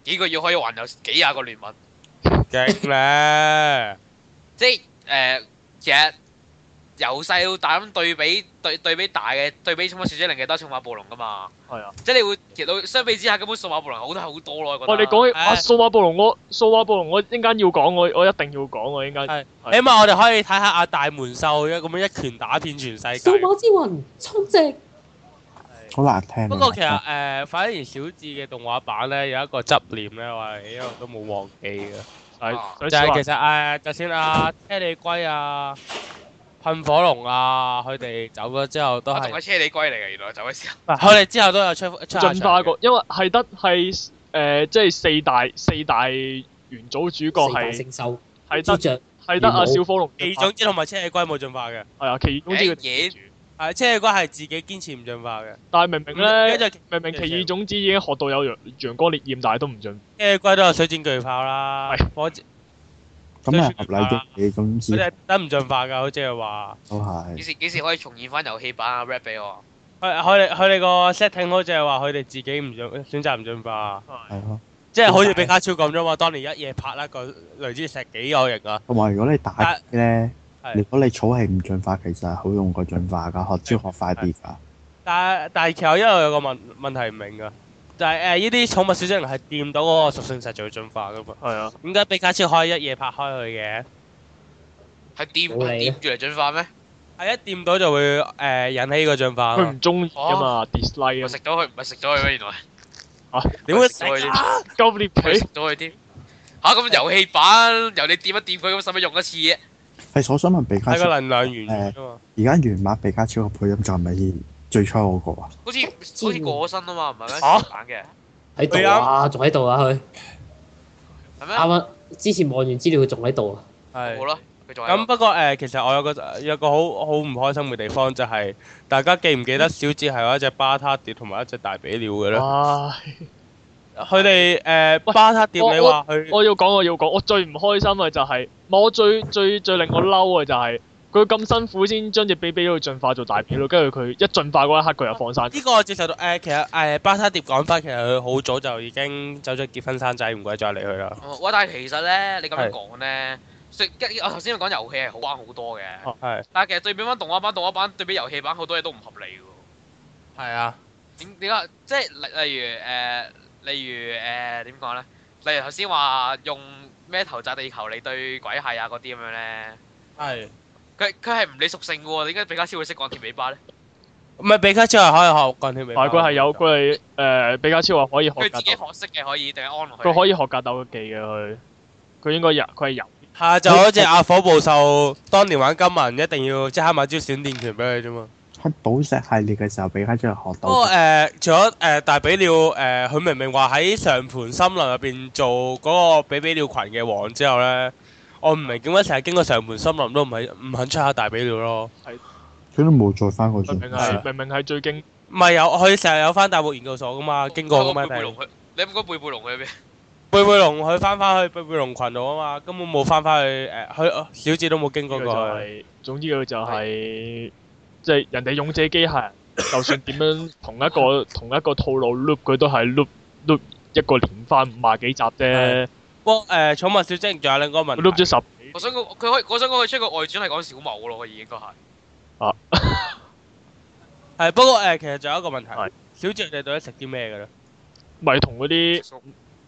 幾個月可以還有幾廿個聯盟，
勁咩？ 即
係誒，而、呃、家。Yeah. 由細到大咁對比對對比大嘅對比《寵物小精靈》嘅都係《數碼暴龍》噶嘛，係啊，即係你會其實相比之下根本《數碼暴龍》好得好多咯，我覺得。我哋講
《起數碼暴龍》，我數碼暴龍我陣間要講，我我一定要講喎，應該。係。起碼我哋可以睇下阿大門獸，因為咁樣一拳打遍全世界。數
碼之魂充值。好難聽。不過其
實誒，反而小智嘅動畫版咧有一個執念咧，我係一路都冇忘記嘅。係。就係其實誒，就算阿車釐龜啊。噴火龍啊，佢哋走咗之後都係。我同佢車
厘龜嚟嘅，原
來走嘅時候。佢哋之後都有出
出下進化過，
因為係得係誒，即係四大四大元祖主角係。四大星獸。
係得係得啊！小火龍、奇異種子同
埋車厘龜冇進化嘅。係啊，奇異種子嘢。
係車厘龜係自己堅持唔進化嘅。
但係明明咧，明明奇異種子已經學到有陽陽光烈焰，但係都唔進。車厘龜都有水箭巨炮啦。
係。
真合理進化，佢哋得
唔進化㗎，好似係話。
都係。幾
時幾時可以重現翻遊戲版啊 rap 俾我？佢佢哋佢
哋個 setting，好似係話佢哋自己唔進選擇唔進化。
係的、嗯、即係好似
比卡超咁咗嘛，當年一夜拍一個雷之石幾個人啊。
同埋如果你打咧，但如果你草係唔進化，其實係好用過進化噶，學招學快啲噶。但
但係其實我一路有個問問題唔明㗎。就係誒呢啲寵物小精靈係掂到嗰個屬性石就會進化㗎嘛？係啊。點解比卡超可以一夜拍開佢嘅？係掂嚟掂
住嚟進化咩？
係一掂到就會誒引起個進化。佢唔中意㗎嘛？dislike。我食咗佢，唔
係食咗佢咩？原來。啊！點會食佢？高烈皮食咗佢添。嚇！咁遊戲版由你掂一掂佢，咁使唔使用一次啊？
係，我想問比卡超。係個能量源啊嘛。而家原版比卡超個配音仲係咪？最初嗰個啊，好似好
似過身啊嘛，唔
係咩？玩嘅喺度啊，仲喺度啊，佢係咩？啱啱、啊嗎
啊、之前望完資料，佢仲喺度啊。係是好啦，佢
仲喺度咁不過誒、呃，其實我有個有個好好唔開心嘅地方，就係、是、大家記唔記得小智係有一隻巴塔蝶同埋一隻大比鳥嘅咧？
佢哋誒巴塔蝶，你話佢我要講，我要講，我最唔開心嘅就係、是，我最最最，最令我嬲嘅就係、是。佢咁辛苦先將隻比比到進化做大片咯，跟住佢一進化嗰一刻，佢又放生。呢個我接受到，誒，其實
誒巴沙蝶講翻，其實佢好早就已經走咗結婚生仔，唔鬼再理佢啦。
哇！但係其實咧，你咁樣講咧，食跟，我頭先講遊戲係好玩好多嘅。係。但係其實對比翻動畫版、動畫版對比遊戲版，好多嘢都唔合理喎。係啊。點點解？即係例例如誒，例如誒點講咧？例如頭先話用咩頭砸地球嚟對鬼蟹啊嗰啲咁樣咧。係。佢佢
係唔理屬性嘅喎，點解比卡超會識鋼鐵尾巴咧？唔係比卡超係可以學鋼鐵尾、呃、尾巴，佢佢係有佢係誒，比卡超話可以學
的的。佢自己學
識嘅可以，定安佢可以學格鬥技
嘅佢，佢應該入，佢係入。下晝，好似阿火暴獸，當年玩金銀一定要即刻買招閃電拳俾佢啫嘛。
喺寶石系列嘅時候，比卡超學到。不過
誒，除咗誒、呃、大比鳥誒，佢、呃、明明話喺上盤森林入邊做嗰個比比鳥群嘅王之後咧。我唔明點解成日經過城門森林都唔係唔肯出下大比鳥咯，
佢都冇再翻過，
明明係最經，唔係有佢成日有翻大漠研究所噶嘛，經過咁樣。背背龍
去，你唔講背背龍去咗邊？
背背龍佢翻翻去背背
龍羣度啊嘛，根本冇翻翻去誒，佢小子都冇經過過。總之佢就係即係人哋勇者機械，就算點樣同一個同一個套路 loop，佢都係 loop loop 一個連翻五廿幾集啫。我誒
寵物小
精仲有另一個問題，我都唔知十。我想佢佢可以，我想佢可以出個外傳係講小毛嘅咯，我而應該係。
啊。
係不過誒，其實仲有一個問題，小智你到底
食啲咩㗎咧？咪同嗰啲。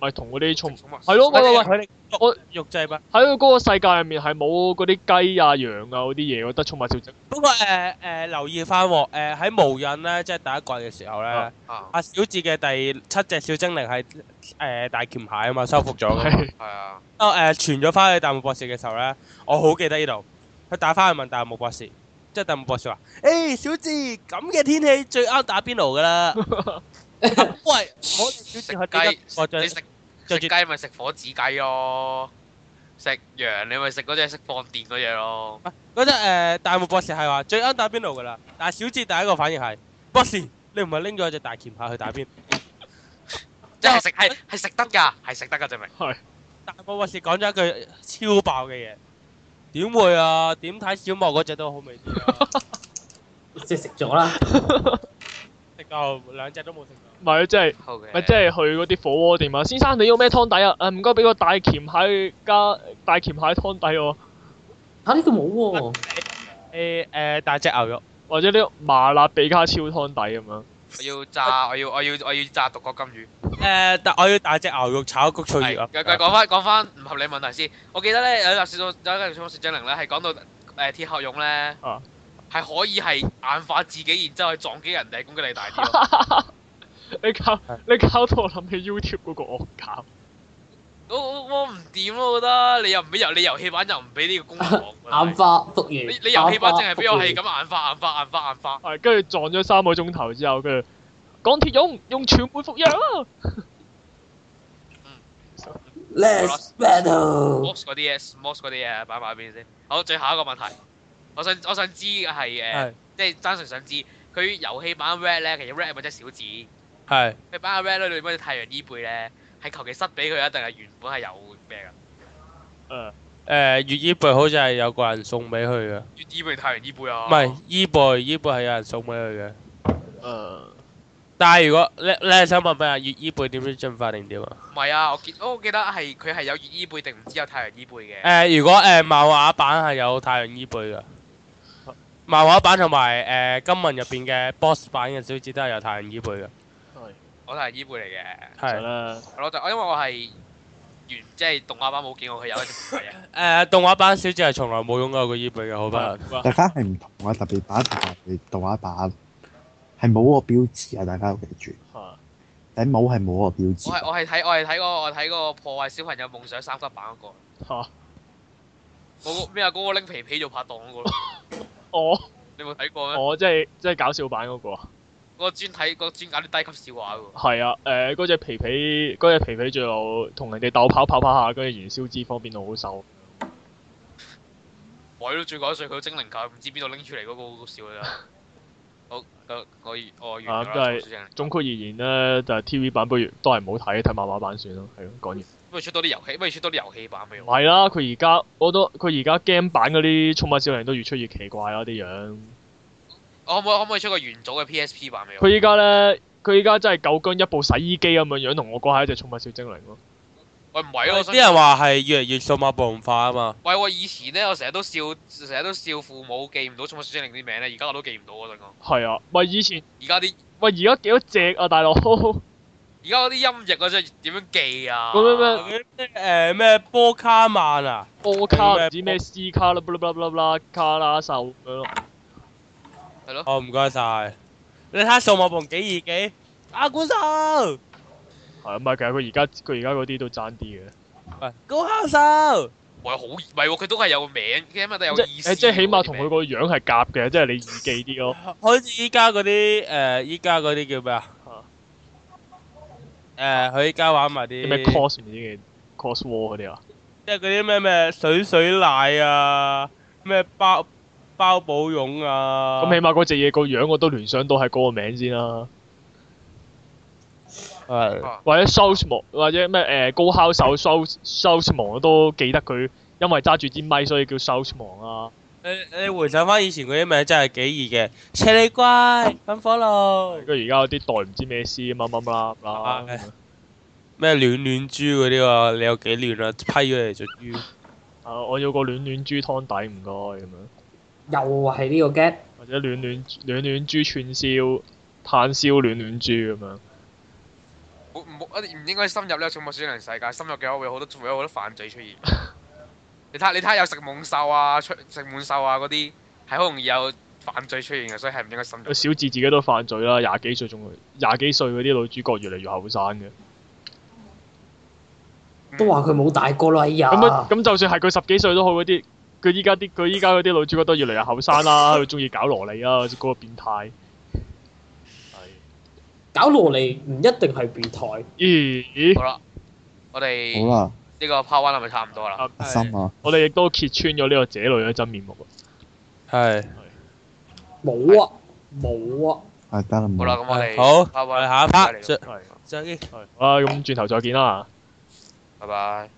咪同嗰啲寵物係咯，喂喂喂，
我肉製咩？
喺佢嗰個世界入面係冇嗰啲雞啊、羊啊嗰啲嘢，我得寵物小
精。嗰、那個誒誒、呃呃、留意翻喎，喺無印咧，即係第一季嘅時候咧，阿、啊啊啊、小智嘅第七隻小精靈係誒、呃、大鉗蟹啊嘛，收服咗。係啊。哦誒、呃，傳咗翻去大木博士嘅時候咧，我好記得呢度，佢打翻去問大木博士，即、就、係、是、大木博士話，誒、hey, 小智咁嘅天氣最啱打邊爐噶啦。
喂，食雞，你食食雞咪食火稚雞咯，食羊你咪食嗰隻識放電嗰隻咯。
嗰隻誒，大木博士係話最啱打邊爐噶啦，但係小智第一個反應係，博士你唔係拎咗隻大鉗蟹去打邊
爐，即係食係係食得噶，係食得噶，證明係。
大木博士講咗一句超爆嘅嘢，點會啊？點睇小莫嗰隻都好味
啲啊，即係食咗啦，
食
夠兩隻都冇食。
唔係，是即係唔即係去嗰啲火鍋店啊！先生，你要咩湯底啊？誒、啊，唔該，俾個大鹹蟹加大鹹蟹湯底喎。呢個冇喎。誒大、啊欸欸呃、隻牛肉或者呢啲麻辣比卡超湯底咁樣。嗯、我要炸，
我要我要我要炸獨角金魚。
誒、欸，我要大隻牛肉炒骨脆葉啊！講翻
講翻唔合理問題先，我記得咧有集小到有一集《小精靈》咧，係講到誒鐵殼蛹咧，係可以係硬化自己，然之後去撞擊人哋，攻擊你大啲。
你搞你搞到我諗起 YouTube 嗰，那個惡搞，
我我唔掂我，我覺得，你又唔俾遊你遊戲版又唔俾呢
個功能。 眼花復原，你你遊戲版淨係俾我係咁眼花眼花眼花眼花，係跟住撞咗三個鐘頭之後，佢港鐵用用全盤復原。
Last battle，most 嗰啲嘢，most 嗰啲嘢擺埋一邊先。好，最後一個問題，我想我想知係誒，是即係真誠想知，佢遊戲版 red 咧，其實 red 或者小字。係你班阿 Ray 咧，點解太陽依貝咧？係求其塞俾佢啊，定係原本係有咩
噶？嗯。誒，月依貝好似係有個人送俾佢
嘅。月依貝
太
陽依貝啊？唔係依貝，依貝係有人送俾佢嘅。嗯。但係如果你你係想問咩啊？月依貝點樣進化定點啊？唔
係啊，我見我我記得係佢係有月依貝定唔知有太陽依貝嘅。誒，如
果誒漫畫版係有太陽依貝噶？漫畫版同埋誒金文入邊嘅 boss 版嘅小智都係有太陽依貝嘅。
我都係伊貝嚟嘅，係啦，係咯，就我因為我係原即係動畫版冇見過佢有呢種嘅
嘢。誒，動畫版小智係從來冇用過個伊貝嘅，好唔好？大
家係唔同嘅，特別版同特別動畫版係冇個標誌啊！大家要記住。吓，誒冇係冇個標誌。我係
我係睇我係睇個我睇個破壞小朋友夢想三級版嗰個。吓，嗰個咩啊？嗰個拎皮皮做拍檔嗰個。我，你冇睇過咩？我
即係即係搞笑版嗰個啊！
我專睇，我專搞啲低級笑話喎。
係啊，誒、呃，嗰隻皮皮，嗰隻皮皮最後同人哋鬥跑跑跑，跑下，跟住燃燒脂肪變到好瘦。
喂，都最搞笑佢精靈界唔知邊度拎出嚟嗰個好笑啊！好，咁我完，我完啦。都係。
總括而言呢，就係 TV 版不如都係唔好睇，睇漫畫版算啦，係咯，講完，
不如出多啲遊戲，不如出多啲遊戲版咪
好。係啦，佢而家我都，佢而家 game 版嗰啲寵物小良人都越出越奇怪啦，啲樣。
可唔可可唔可以出個原組嘅 PSP 版畀我？佢
依家咧，佢依家真係九跟一部洗衣機咁樣樣，同我講下一隻寵物小精靈咯、
啊啊。喂，唔係咯。啲人話
係越嚟越數碼化啊嘛。
喂，我以前咧，我成日都笑，成日都笑父母記唔到寵物小精靈啲名咧，而家我，記我記都記唔到啊！真個。
係啊，喂，以前而家啲，喂，而家幾多隻啊，大佬？而
家嗰啲音譯真係點樣記啊？咩咩、
啊、波
卡曼啊？波卡唔知咩斯卡啦啦啦啦啦卡拉獸係咯，哦，唔該晒。你睇下數碼暴龍幾易記嘅，阿古
獸。係，唔係其實佢而家佢而家嗰啲都爭啲嘅。喂高卡獸，
喂好易，唔係佢都係有個名，起碼都有意
思。誒，即係起碼同佢個樣係夾嘅，即係你易記啲咯。好似依家嗰啲誒，依家嗰啲叫咩啊？
誒，佢依家玩埋啲咩 cos
嗰啲，cos war 嗰啲啊，即係嗰
啲咩咩水水奶啊，咩
包。包保勇啊！咁起碼嗰隻嘢個樣我都聯想到係嗰個名先啦、啊。係、啊、或者 Soulmo 或者咩誒、欸、高烤手 s o u Soulmo 我都記得佢，因為揸住支咪，所以叫 Soulmo 啊。你、欸、你回想翻以前嗰啲咪真係幾易嘅，切你乖，
咁 follow！
佢而家有啲袋唔知咩事，乜乜乜。啦、啊。
咩、哎、暖暖豬嗰啲啊？你有幾暖啊？批佢嚟
着住。啊！我要個暖暖豬湯底，唔該咁樣。又係呢個 get？或者暖暖暖暖豬串燒炭燒暖暖豬咁樣。
唔唔一唔應該深入呢個寵物小人世界，深入嘅話會好多仲有好多犯罪出現。你睇下，你睇下，有食懵獸啊，出食懵獸啊嗰啲係好容易有犯罪出現嘅，所以係唔應該深入。
小智自己都犯罪啦，廿幾歲仲廿幾歲嗰啲女主角越嚟越後生嘅。都話佢冇大個啦，依家。咁咁就算係佢十幾歲都好嗰啲。佢依家啲，佢依家啲女主角都越嚟越後生啦，佢中意搞蘿莉啊，嗰個變態。係。搞蘿莉唔一定係變態。咦？好
啦，我哋好啦，呢個 part one 係咪差唔多啦？心啊！
我哋亦都揭穿咗呢個姐女嘅真面目。係。冇啊！冇啊！係得啦，冇啦，咁我哋好，阿云下一 part。
好
啦，咁轉頭再見啦。
拜拜。